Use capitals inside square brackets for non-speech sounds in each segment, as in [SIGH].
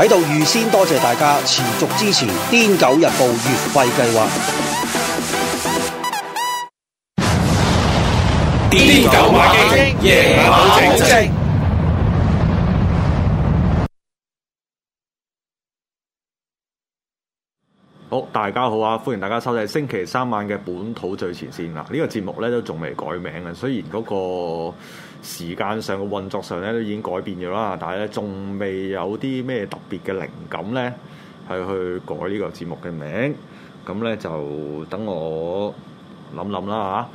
喺度預先多謝大家持續支持《癲狗日報月費計劃》。Yeah, 好，大家好啊！歡迎大家收睇星期三晚嘅本土最前線啦！呢、這個節目咧都仲未改名啊，雖然嗰、那個。時間上嘅運作上咧都已經改變咗啦，但係咧仲未有啲咩特別嘅靈感咧，係去改呢個節目嘅名。咁咧就等我諗諗啦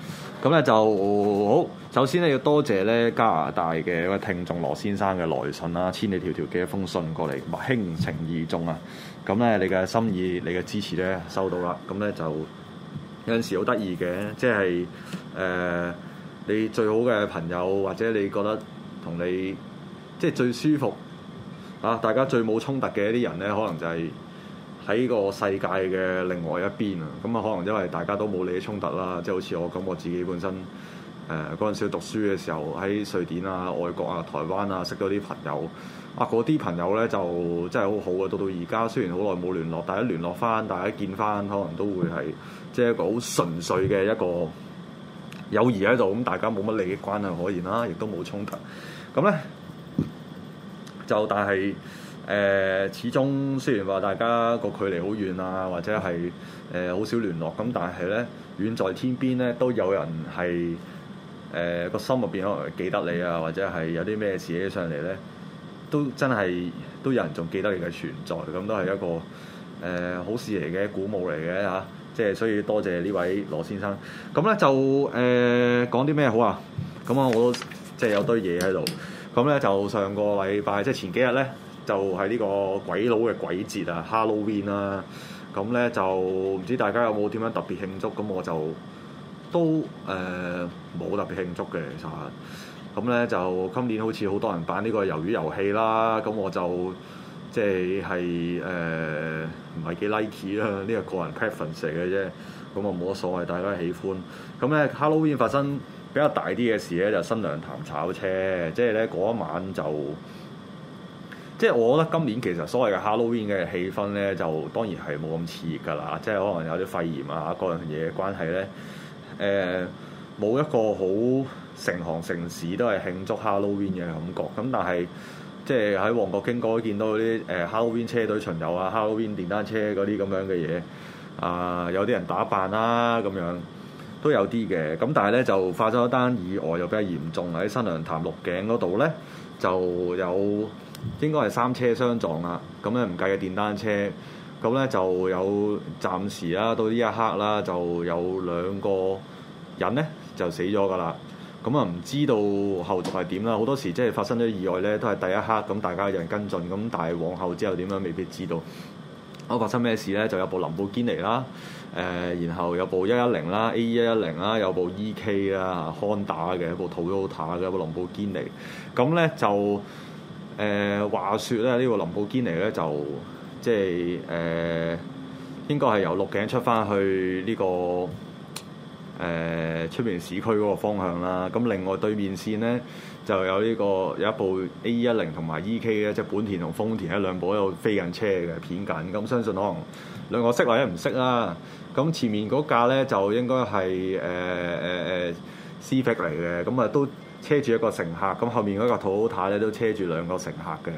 吓，咁、啊、咧就好，首先咧要多謝咧加拿大嘅一位聽眾羅先生嘅來信啦，千里迢迢寄一封信過嚟，輕情意重啊。咁咧你嘅心意、你嘅支持咧收到啦。咁咧就有陣時好得意嘅，即係誒。呃你最好嘅朋友，或者你覺得同你即係最舒服啊，大家最冇衝突嘅一啲人呢，可能就係喺個世界嘅另外一邊啊。咁、嗯、啊，可能因為大家都冇你啲衝突啦，即係好似我噉，我自己本身誒嗰陣時讀書嘅時候喺瑞典啊、外國啊、台灣啊識咗啲朋友啊，嗰啲朋友呢，就真係好好呀。到到而家雖然好耐冇聯絡，但係聯絡翻，大家見翻，可能都會係即係一個好純粹嘅一個，友誼喺度，咁大家冇乜利益關係可言啦，亦都冇衝突。咁咧就，但係誒、呃，始終雖然話大家個距離好遠啊，或者係誒好少聯絡，咁但係咧遠在天邊咧都有人係誒個心入邊可能記得你啊，或者係有啲咩事起上嚟咧，都真係都有人仲記得你嘅存在，咁都係一個誒、呃、好事嚟嘅，鼓舞嚟嘅嚇。啊。即係所以多謝呢位羅先生。咁咧就誒、呃、講啲咩好啊？咁啊，我都即係有堆嘢喺度。咁咧就上個禮拜，即係前幾日咧，就係、是、呢個鬼佬嘅鬼節 Halloween 啊，Halloween 啦。咁咧就唔知大家有冇點樣特別慶祝？咁我就都誒冇、呃、特別慶祝嘅，其實。咁咧就今年好似好多人扮呢個魷魚遊戲啦。咁我就。即係係誒，唔係幾 like 啦？呢、呃、個個人 preference 嚟嘅啫，咁啊冇乜所謂，大家喜歡。咁咧，Halloween 發生比較大啲嘅事咧，就是、新娘潭炒車，即係咧嗰一晚就，即係我覺得今年其實所謂嘅 Halloween 嘅氣氛咧，就當然係冇咁熾熱㗎啦。即係可能有啲肺炎啊，各樣嘢嘅關係咧，誒、呃、冇一個好成行成市都係慶祝 Halloween 嘅感覺。咁但係，即係喺旺角經過都見到啲誒 Halloween 車隊巡遊啊、Halloween 電單車嗰啲咁樣嘅嘢、呃、啊，有啲人打扮啦咁樣，都有啲嘅。咁但係咧就發生一單意外，又比較嚴重，喺新娘潭鹿頸嗰度咧，就有應該係三車相撞啊。咁咧唔計嘅電單車，咁咧就有暫時啦、啊，到呢一刻啦、啊、就有兩個人咧就死咗㗎啦。咁啊，唔知道後續係點啦。好多時即係發生咗意外咧，都係第一刻咁，大家有人跟進咁，但係往後之後點樣未必知道。我發生咩事咧？就有部林寶堅尼啦，誒，然後有部一一零啦，A 一一零啦，有部 E K 啦，Honda 嘅，一部 Toyota 嘅，一部林寶堅尼。咁、呃、咧、e、就誒、呃、話說咧呢、呢個林寶堅尼咧就即係誒、呃、應該係由鹿頸出翻去呢、呢個。誒出、呃、面市區嗰個方向啦，咁另外對面線咧就有呢、這個有一部 A 一零同埋 E K 咧，即係本田同豐田一兩部有飛緊車嘅片緊，咁、嗯、相信可能兩個識或者唔識啦。咁、嗯、前面嗰架咧就應該係誒誒誒 Civic 嚟嘅，咁、嗯、啊都車住一個乘客，咁、嗯、後面嗰個 Toyota 咧都車住兩個乘客嘅。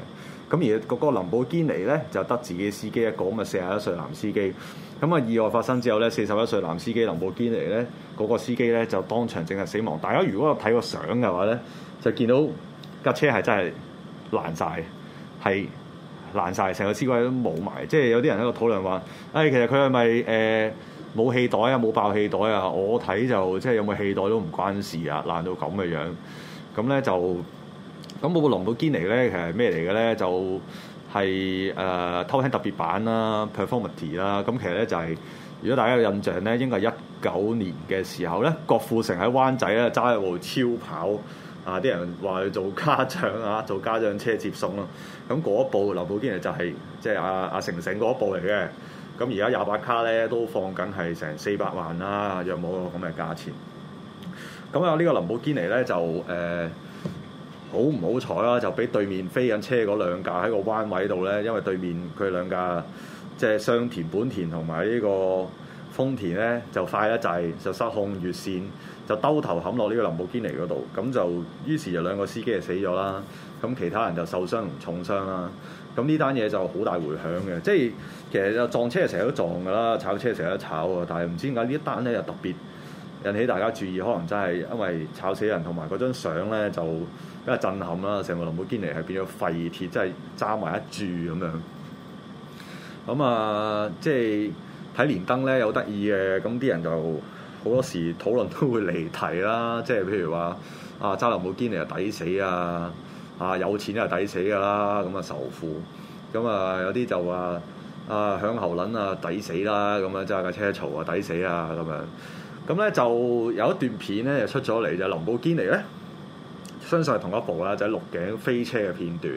咁而嗰個林寶堅尼咧，就得自己司機一個啊，四十一歲男司機。咁啊，意外發生之後咧，四十一歲男司機林寶堅尼咧，嗰個司機咧就當場證實死亡。大家如果睇個相嘅話咧，就見到架車係真係爛晒，係爛晒，成個司機都冇埋。即係有啲人喺度討論話，誒，其實佢係咪誒冇氣袋啊，冇爆氣袋啊？我睇就即係有冇氣袋都唔關事啊，爛到咁嘅樣。咁咧就。咁嗰部《林寶堅尼》咧，其實係咩嚟嘅咧？就係、是、誒、呃、偷聽特別版啦 performance 啦。咁、啊、其實咧就係、是，如果大家有印象咧，應該係一九年嘅時候咧，郭富城喺灣仔咧揸一部超跑，啊啲人話去做家長啊，做家長車接送咯。咁、啊、嗰部《林寶堅尼、就是》就係即係阿阿成成嗰部嚟嘅。咁而家廿八卡咧都放緊係成四百萬啦，約冇咁嘅價錢。咁有呢個《林寶堅尼》咧就誒。呃好唔好彩啦？就俾對面飛緊車嗰兩架喺個彎位度咧，因為對面佢兩架即係雙田本田同埋呢個豐田咧就快得滯，就失控越線，就兜頭冚落呢個林寶堅尼嗰度，咁就於是就兩個司機就死咗啦。咁其他人就受傷重傷啦。咁呢單嘢就好大迴響嘅，即係其實撞車成日都撞噶啦，炒車成日都炒啊，但係唔知點解呢單咧又特別引起大家注意，可能真係因為炒死人同埋嗰張相咧就。震撼啦！成個林寶堅尼係變咗廢鐵，真係揸埋一柱咁樣。咁啊，即係睇連登咧有得意嘅，咁啲人就好多時討論都會離題啦。即係譬如話啊，揸林寶堅尼啊抵死啊，啊有錢啊抵死㗎啦，咁啊仇富。咁啊有啲就話啊響喉撚啊抵死啦，咁啊，揸架車嘈啊抵死啊咁樣。咁咧就有一段片咧就出咗嚟就林寶堅尼咧。相信係同一部啦，就係鹿頸飛車嘅片段。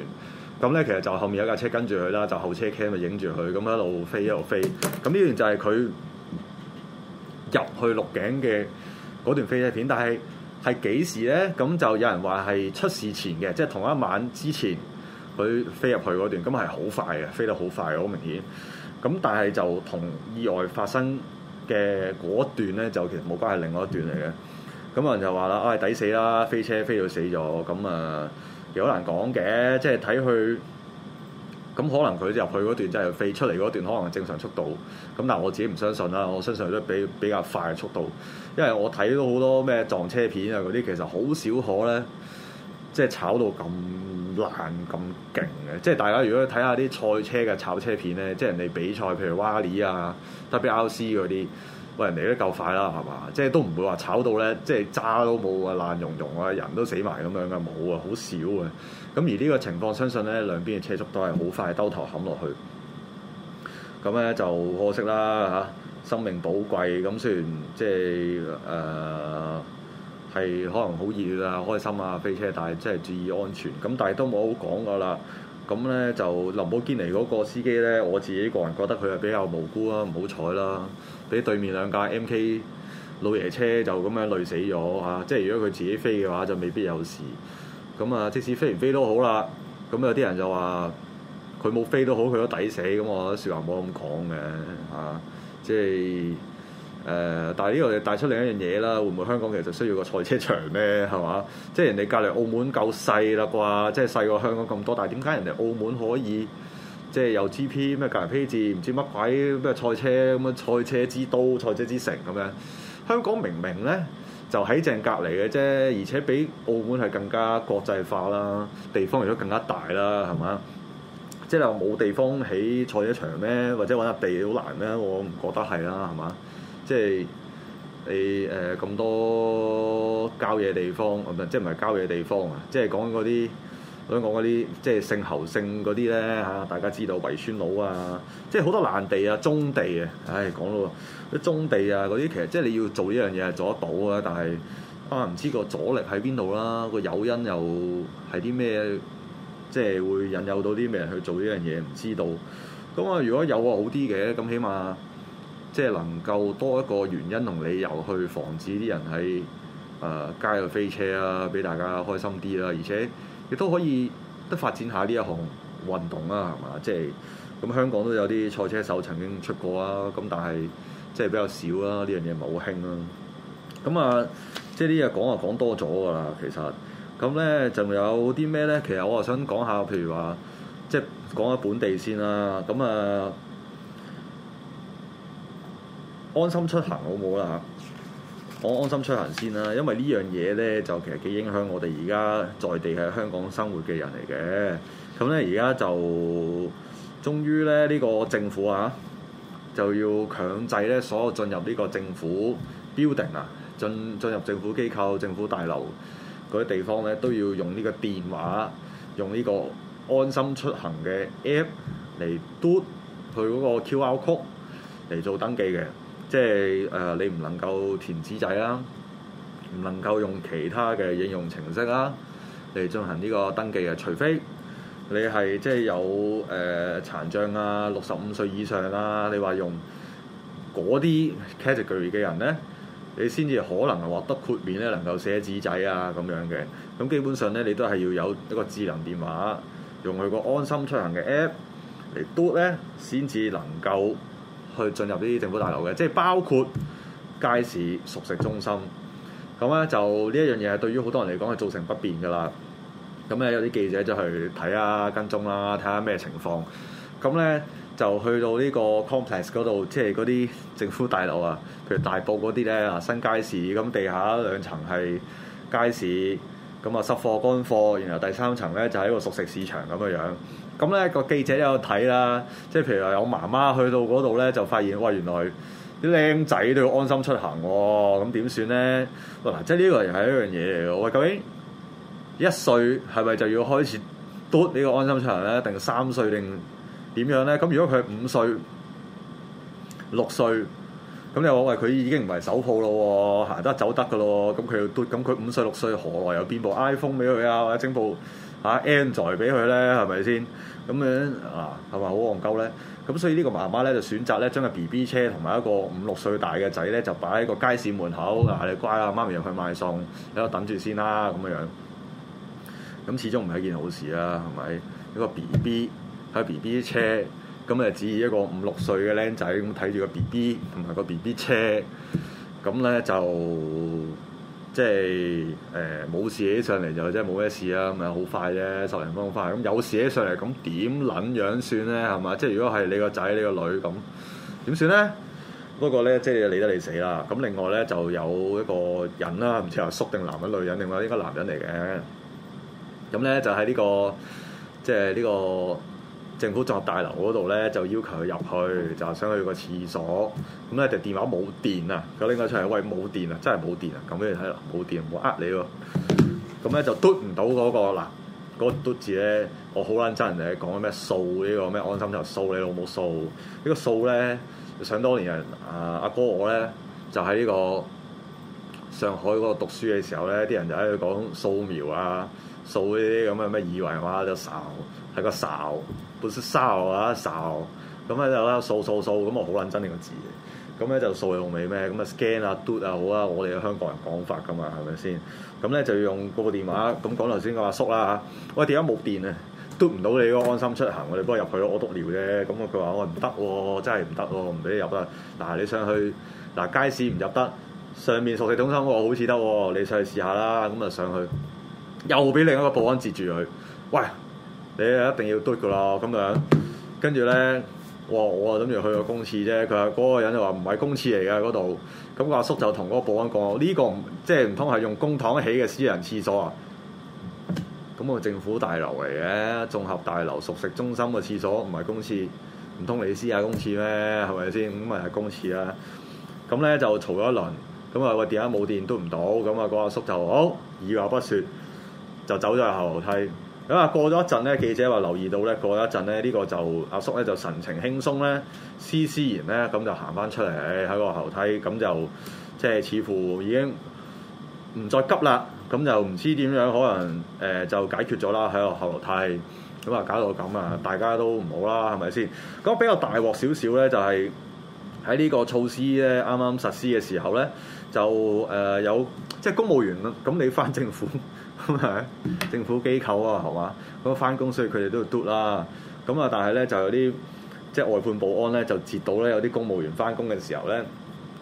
咁咧，其實就後面有架車跟住佢啦，就後車 cam 咪影住佢，咁一路飛一路飛。咁呢段就係佢入去鹿頸嘅嗰段飛車片，但係係幾時咧？咁就有人話係出事前嘅，即係同一晚之前佢飛入去嗰段。咁係好快嘅，飛得好快嘅，好明顯。咁但係就同意外發生嘅嗰段咧，就其實冇關係，另外一段嚟嘅。咁有人就話啦，唉、啊，抵死啦，飛車飛到死咗，咁啊又好難講嘅，即係睇佢，咁、嗯、可能佢入去嗰段即係飛出嚟嗰段，可能正常速度，咁但係我自己唔相信啦，我相信佢都比比較快嘅速度，因為我睇到好多咩撞車片啊，嗰啲其實好少可咧，即係炒到咁難咁勁嘅，即係大家如果睇下啲賽車嘅炒車片咧，即係人哋比賽，譬如 Wally 啊，WRC 嗰啲。喂，人哋都夠快啦，係嘛？即係都唔會話炒到咧，即係渣都冇啊，爛融融啊，人都死埋咁樣嘅冇啊，好少啊。咁而呢個情況，相信咧兩邊嘅車速都係好快，兜頭冚落去。咁咧就可惜啦嚇，生命寶貴，咁雖然即係誒係可能好熱啊，開心啊飛車，但係即係注意安全。咁但係都冇好講噶啦。咁咧就林寶堅尼嗰個司機咧，我自己個人覺得佢係比較無辜啊，唔好彩啦，俾對面兩架 MK 老爺車就咁樣累死咗嚇、啊。即係如果佢自己飛嘅話，就未必有事。咁啊，即使飛唔飛都好啦。咁有啲人就話佢冇飛都好，佢都抵死。咁我覺得說話冇咁講嘅嚇，即係。誒、呃，但係呢個就帶出另一樣嘢啦。會唔會香港其實需要個賽車場咧？係嘛？即係人哋隔離澳門夠細啦啩？即係細過香港咁多，但係點解人哋澳門可以即係有 G P 咩隔離 P 字唔知乜鬼咩賽車咁啊？賽車之都、賽車之城咁樣。香港明明咧就喺正隔離嘅啫，而且比澳門係更加國際化啦，地方亦都更加大啦，係嘛？即係話冇地方起賽車場咩？或者搵地好難咩？我唔覺得係啦，係嘛？即係你誒咁、呃、多郊野地方，唔係即係唔係郊野地方啊？即係講嗰啲我想講嗰啲，即係姓侯姓嗰啲咧嚇，大家知道遺孫佬啊圍村佬，即係好多爛地啊、中地啊，唉，講到中地啊嗰啲，其實即係你要做呢樣嘢係做得到啊。但係可能唔知個阻力喺邊度啦，個誘因又係啲咩？即係會引誘到啲咩人去做呢樣嘢？唔知道。咁啊，如果有個好啲嘅，咁起碼。即係能夠多一個原因同理由去防止啲人喺誒街度飛車啊，俾大家開心啲啦，而且亦都可以得發展下呢一行運動啦，係嘛？即係咁香港都有啲賽車手曾經出過啊，咁但係即係比較少啦，呢樣嘢唔係好興啦。咁啊，即係呢日講啊講多咗㗎啦，其實咁咧仲有啲咩咧？其實我啊想講下，譬如話即係講下本地先啦，咁啊。安心出行好冇啦嚇？講安心出行先啦，因為呢樣嘢咧就其實幾影響我哋而家在地喺香港生活嘅人嚟嘅。咁咧而家就終於咧呢個政府啊，就要強制咧所有進入呢個政府 building 啊，進進入政府機構、政府大樓嗰啲地方咧，都要用呢個電話，用呢個安心出行嘅 app 嚟嘟佢嗰個 Q R code 嚟做登記嘅。即係誒、呃，你唔能夠填紙仔啦，唔能夠用其他嘅應用程式啦，嚟進行呢個登記嘅。除非你係即係有誒、呃、殘障啊、六十五歲以上啊。你話用嗰啲 category 嘅人咧，你先至可能獲得豁免咧，能夠寫紙仔啊咁樣嘅。咁基本上咧，你都係要有一個智能電話，用佢個安心出行嘅 app 嚟 do 咧，先至能夠。去進入呢啲政府大樓嘅，即係包括街市、熟食中心，咁咧就呢一樣嘢係對於好多人嚟講係造成不便㗎啦。咁咧有啲記者就去睇啊、跟蹤啦，睇下咩情況。咁咧就去到呢個 complex 嗰度，即係嗰啲政府大樓啊，譬如大埔嗰啲咧啊新街市，咁地下兩層係街市，咁啊濕貨、乾貨，然後第三層咧就係一個熟食市場咁嘅樣。咁咧個記者都有睇啦，即係譬如話有媽媽去到嗰度咧，就發現喂，原來啲靚仔都要安心出行喎、哦，咁點算咧？嗱，即係呢個又係一樣嘢嚟嘅。喂，究竟一歲係咪就要開始嘟呢個安心出行咧？定三歲定點樣咧？咁如果佢五歲、六歲，咁你話喂佢已經唔係手抱咯，行得走得㗎咯，咁佢要嘟，咁佢五歲六歲何來有邊部 iPhone 俾佢啊？或者整部？嚇 end 俾佢咧，係咪先？咁樣啊，係咪好戇鳩咧？咁所以呢個媽媽咧就選擇咧將個 BB 車同埋一個五六歲大嘅仔咧就擺喺個街市門口。嗱、啊，你乖啊，媽咪入去買餸，喺度等住先啦。咁樣樣，咁始終唔係一件好事啊，係咪？一個 BB 喺 BB 車，咁啊指意一個五六歲嘅僆仔咁睇住個 BB 同埋個 BB 車，咁咧就～即係誒，冇事起上嚟，就即係冇咩事啊，咁啊，好快啫，十零分鐘快，咁有事起上嚟，咁點撚樣算咧係嘛？即係如果係你個仔你個女，咁點算咧？不過咧即係理得你死啦。咁另外咧就有一個人啦，唔知係叔定男人女人定，話應該男人嚟嘅。咁咧就喺呢個即係呢個。政府綜合大樓嗰度咧，就要求佢入去，就係想去個廁所。咁咧就電話冇電啊！佢拎咗出嚟，喂冇電啊！真係冇電啊！咁跟住睇啦，冇電、那個那個，我呃你喎！咁咧就嘟唔到嗰個嗱嗰個嘟字咧，我好撚憎人哋講咩掃呢個咩安心就掃你老母掃呢、呢個掃咧。想當年人啊，阿哥我咧就喺呢個上海嗰度讀書嘅時候咧，啲人就喺度講掃描啊。掃呢啲咁嘅咩二維碼啊，就掃，係個掃，本身掃啊掃，咁咧就啦掃掃掃，咁我好撚憎呢個字咁咧就掃用尾咩？咁啊 scan 啊嘟啊好啊，我哋嘅香港人講法㗎嘛，係咪先？咁咧就要用嗰個電話，咁講頭先個阿叔啦嚇，喂點解冇電啊？嘟唔到你個安心出行，我哋不過入去咯，屙篤尿啫。咁我佢話我唔得喎，真係唔得喎，唔俾你入得。嗱你上去嗱、啊、街市唔入得，上面熟食中心我好似得喎，你上去試下啦。咁啊上去。又俾另一個保安截住佢，喂，你係一定要嘟㗎啦，咁樣，跟住咧，我我諗住去個公廁啫，佢話嗰個人就話唔係公廁嚟嘅嗰度，咁阿、那個、叔就同嗰個保安講：呢、這個即係唔通係用公堂起嘅私人廁所啊？咁、那、啊、個、政府大樓嚟嘅綜合大樓熟食中心嘅廁所唔係公廁，唔通你私下公廁咩？係咪先？咁咪係公廁啦、啊。咁咧就嘈咗一輪，咁、那、啊個電話冇電嘟唔到，咁、那、啊個阿叔就好二話不說。就走咗去後樓梯咁啊！過咗一陣咧，記者話留意到咧，過咗一陣咧呢個就阿叔咧就神情輕鬆咧，施施然咧咁就行翻出嚟喺個後樓梯，咁就即係似乎已經唔再急啦。咁就唔知點樣，可能誒、呃、就解決咗啦喺個後樓梯。咁啊，搞到咁啊，大家都唔好啦，係咪先？咁比較大鑊少少咧，就係喺呢個措施咧啱啱實施嘅時候咧，就誒、呃、有即係公務員咁，你翻政府。咁係， [LAUGHS] 政府機構啊，係嘛？咁翻工，所以佢哋都要嘟啦。咁啊，但係咧就有啲即係外判保安咧，就截到咧有啲公務員翻工嘅時候咧，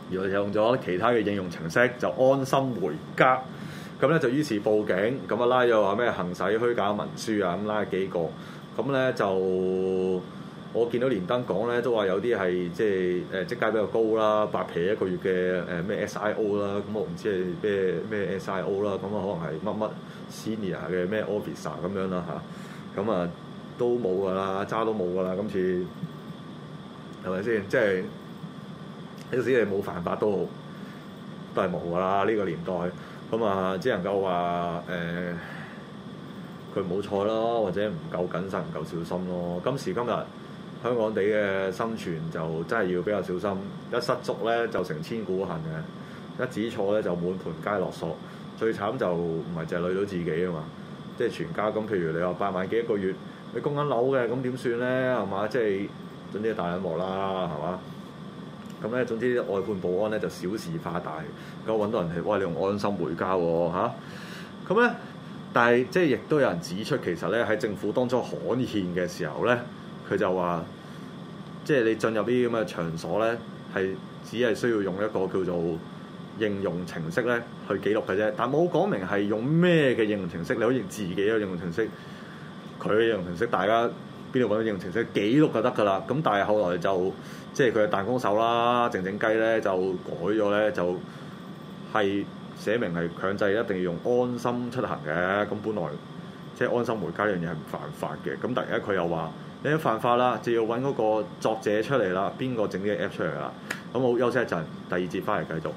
原來用咗其他嘅應用程式就安心回家。咁咧就於是報警，咁啊拉咗話咩行使虛假文書啊，咁拉幾個，咁咧就。我見到連登講咧，都話有啲係即係誒，職階比較高啦，白皮一個月嘅誒咩 S I O 啦，咁我唔知係咩咩 S I O 啦，咁啊可能係乜乜 senior 嘅咩 officer 咁樣啦嚇，咁啊都冇㗎啦，揸都冇㗎啦，今次係咪先？即係有時你冇犯法都好，都係冇㗎啦。呢個年代咁啊，只能夠話誒佢冇錯咯，或者唔夠謹慎、唔夠小心咯。今時今日。香港地嘅生存就真係要比較小心，一失足咧就成千古恨嘅，一子錯咧就滿盤皆落索，最慘就唔係淨係累到自己啊嘛，即係全家。咁譬如你話八萬幾一個月，你供緊樓嘅，咁點算咧？係嘛，即係總之大陰磨啦，係嘛？咁咧，總之外判保安咧就小事化大，而家揾到人係，哇！你用安心回家喎、啊、嚇。咁、啊、咧，但係即係亦都有人指出，其實咧喺政府當初罕見嘅時候咧。佢就話，即係你進入啲咁嘅場所咧，係只係需要用一個叫做應用程式咧去記錄嘅啫。但冇講明係用咩嘅應用程式，你可以自己嘅應用程式，佢嘅應用程式，大家邊度揾到應用程式記錄就得噶啦。咁但係後來就即係佢嘅彈弓手啦，靜靜雞咧就改咗咧，就係寫明係強制一定要用安心出行嘅。咁本來即係安心回家呢樣嘢係唔犯法嘅。咁突然間佢又話。你一犯法啦，就要揾嗰個作者出嚟啦，邊個整啲 app 出嚟啦？咁我休息一陣，第二節翻嚟繼續。